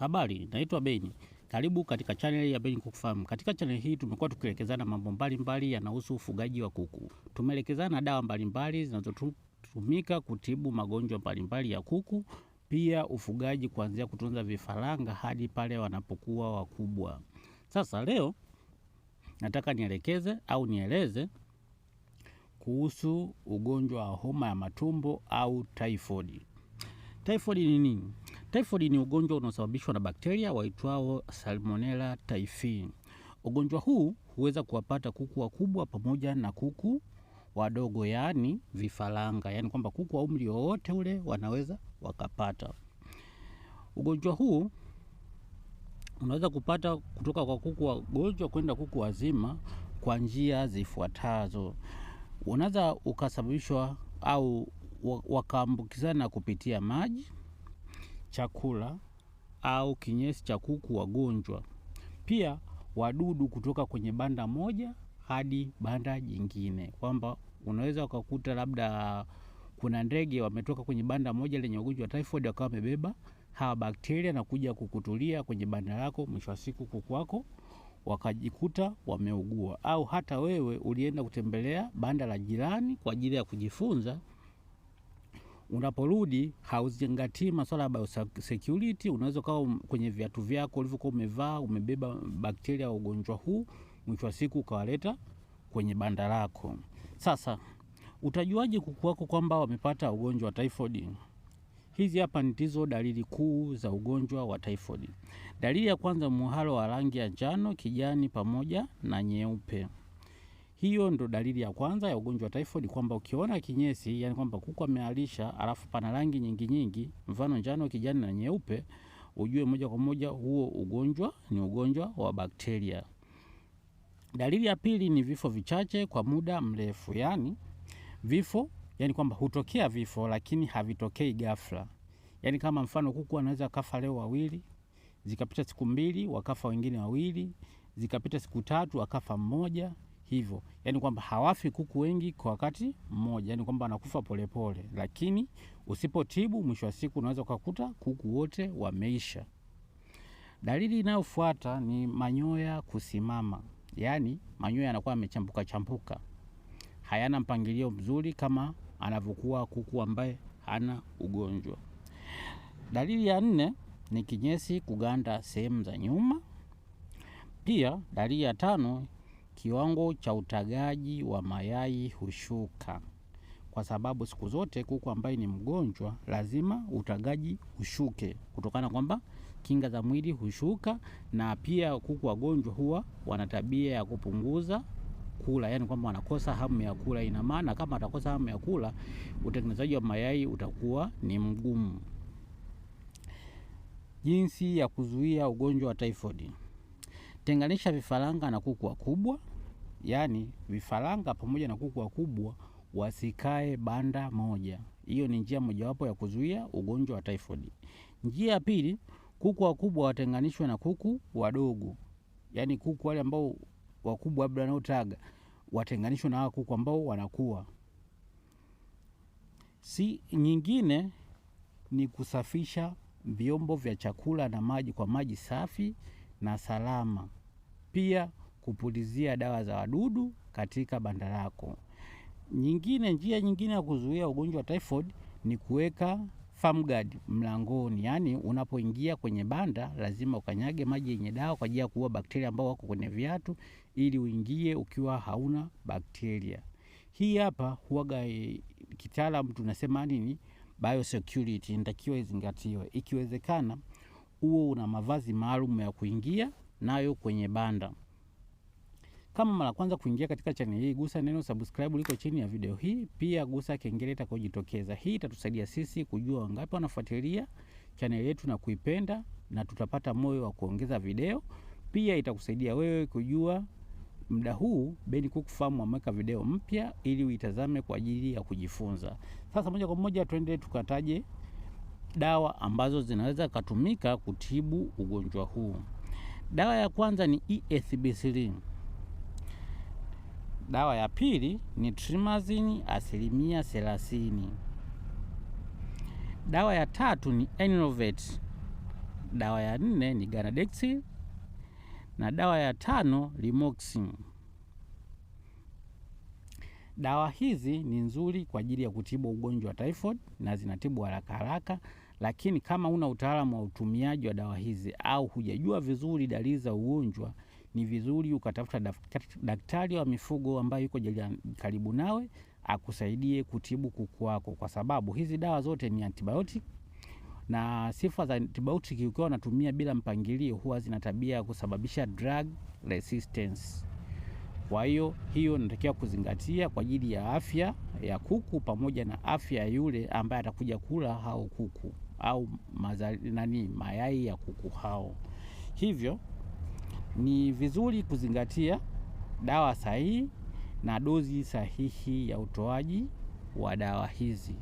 Habari, naitwa Beni. Karibu katika chaneli ya Beni Kuku Farm. Katika chaneli hii tumekuwa tukielekezana mambo mbalimbali yanahusu ufugaji wa kuku. Tumeelekezana dawa mbalimbali zinazotumika kutibu magonjwa mbalimbali ya kuku, pia ufugaji kuanzia kutunza vifaranga hadi pale wanapokuwa wakubwa. Sasa leo nataka nielekeze au nieleze kuhusu ugonjwa wa homa ya matumbo au typhoid. Typhoid ni nini? Typhoid ni ugonjwa unaosababishwa na bakteria waitwao Salmonella typhi. Ugonjwa huu huweza kuwapata kuku wakubwa pamoja na kuku wadogo, yaani vifaranga, yaani kwamba kuku wa umri wowote ule wanaweza wakapata ugonjwa huu. Unaweza kupata kutoka kwa kuku wagonjwa kwenda kuku wazima kwa njia zifuatazo. Unaweza ukasababishwa au wakaambukizana kupitia maji, chakula au kinyesi cha kuku wagonjwa. Pia wadudu kutoka kwenye banda moja hadi banda jingine, kwamba unaweza ukakuta labda kuna ndege wametoka kwenye banda moja lenye ugonjwa wa typhoid wakawa wamebeba hawa bakteria na kuja kukutulia kwenye banda lako, mwisho wa siku kuku wako wakajikuta wameugua. Au hata wewe ulienda kutembelea banda la jirani kwa ajili ya kujifunza unaporudi hauzingatii masuala ya biosecurity. Unaweza ukawa kwenye viatu vyako ulivyokuwa umevaa umebeba bakteria wa ugonjwa huu, mwisho wa siku ukawaleta kwenye banda lako. Sasa utajuaje kuku wako kwamba wamepata ugonjwa wa typhoid? Hizi hapa ndizo dalili kuu za ugonjwa wa typhoid. Dalili ya kwanza, muhalo wa rangi ya njano, kijani pamoja na nyeupe. Hiyo ndo dalili ya kwanza ya ugonjwa wa typhoid, kwamba ukiona kinyesi, yani kwamba kuku amealisha alafu pana rangi nyingi nyingi, mfano njano, kijani na nyeupe, ujue moja kwa moja huo ugonjwa ni ugonjwa wa bakteria. Dalili ya pili ni vifo vichache kwa muda mrefu, yani vifo, yani kwamba hutokea vifo lakini havitokei ghafla, yani kama mfano kuku anaweza kafa leo wawili, zikapita siku mbili wakafa wengine wawili, zikapita siku tatu wakafa mmoja hivyo, yani kwamba hawafi kuku wengi kwa wakati mmoja, yani kwamba anakufa polepole, lakini usipotibu, mwisho wa siku unaweza ukakuta kuku wote wameisha. Dalili inayofuata ni manyoya kusimama, yani manyoya yanakuwa yamechambuka chambuka, hayana mpangilio mzuri kama anavyokuwa kuku ambaye hana ugonjwa. Dalili ya nne ni kinyesi kuganda sehemu za nyuma. Pia dalili ya tano kiwango cha utagaji wa mayai hushuka, kwa sababu siku zote kuku ambaye ni mgonjwa lazima utagaji ushuke, kutokana kwamba kinga za mwili hushuka, na pia kuku wagonjwa huwa wana tabia ya kupunguza kula, yani kwamba wanakosa hamu ya kula. Ina maana kama atakosa hamu ya kula, utengenezaji wa mayai utakuwa ni mgumu. Jinsi ya kuzuia ugonjwa wa typhoid: tenganisha vifaranga na kuku wakubwa yaani vifaranga pamoja na kuku wakubwa wasikae banda moja. Hiyo ni njia mojawapo ya kuzuia ugonjwa wa typhoid. Njia ya pili, kuku wakubwa watenganishwe na kuku wadogo, yaani kuku wale ambao wakubwa labda wanaotaga watenganishwe na hawa kuku ambao wanakuwa. Si nyingine ni kusafisha vyombo vya chakula na maji kwa maji safi na salama. Pia kupulizia dawa za wadudu katika banda lako. Nyingine, njia nyingine ya kuzuia ugonjwa wa typhoid ni kuweka farm guard mlangoni, yaani unapoingia kwenye banda lazima ukanyage maji yenye dawa kwa ajili ya kuua bakteria ambao wako kwenye viatu, ili uingie ukiwa hauna bakteria. Hii hapa huwaga eh, kitaalamu tunasema nini, biosecurity inatakiwa izingatiwe. Ikiwezekana, uo una mavazi maalum ya kuingia nayo kwenye banda. Kama mara kwanza kuingia katika channel hii, gusa neno subscribe liko chini ya video hii, pia gusa kengele itakayojitokeza. Hii itatusaidia sisi kujua wangapi wanafuatilia channel yetu na kuipenda, na tutapata moyo wa kuongeza video. Pia itakusaidia wewe kujua muda huu Ben Kuku Farm ameweka video mpya ili uitazame kwa ajili ya kujifunza. Sasa moja kwa moja tuende tukataje dawa ambazo zinaweza kutumika kutibu ugonjwa huu. Dawa ya kwanza ni ESB3. Dawa ya pili ni trimazini asilimia thelathini. Dawa ya tatu ni Enilovate. Dawa ya nne ni Ganadex na dawa ya tano Limoxin. Dawa hizi ni nzuri kwa ajili ya kutibu ugonjwa wa typhoid na zinatibu haraka haraka, lakini kama una utaalamu wa utumiaji wa dawa hizi au hujajua vizuri dalili za ugonjwa ni vizuri ukatafuta daktari wa mifugo ambaye yuko karibu nawe akusaidie kutibu kuku wako, kwa sababu hizi dawa zote ni antibiotic na sifa za antibiotic ukiwa unatumia bila mpangilio huwa zina tabia ya kusababisha drug resistance. Kwa hiyo hiyo natakiwa kuzingatia kwa ajili ya afya ya kuku pamoja na afya ya yule ambaye atakuja kula hao kuku au mazali, nani mayai ya kuku hao hivyo ni vizuri kuzingatia dawa sahihi na dozi sahihi ya utoaji wa dawa hizi.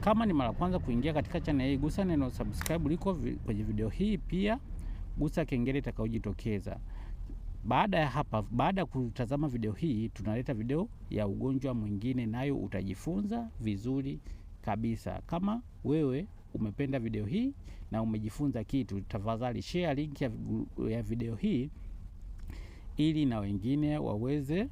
Kama ni mara kwanza kuingia katika channel hii, gusa neno subscribe liko kwenye video hii, pia gusa kengele itakayojitokeza. Baada ya hapa, baada ya kutazama video hii, tunaleta video ya ugonjwa mwingine, nayo utajifunza vizuri kabisa. Kama wewe umependa video hii na umejifunza kitu, tafadhali share link ya video hii ili na wengine waweze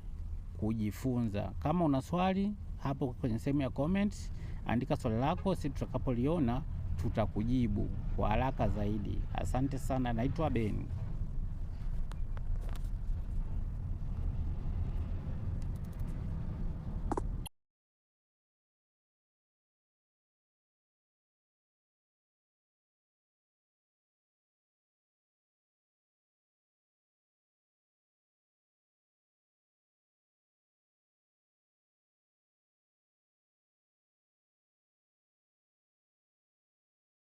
kujifunza. Kama una swali hapo kwenye sehemu ya comment, andika swali lako, sisi tutakapoliona tutakujibu kwa haraka zaidi. Asante sana, naitwa Ben.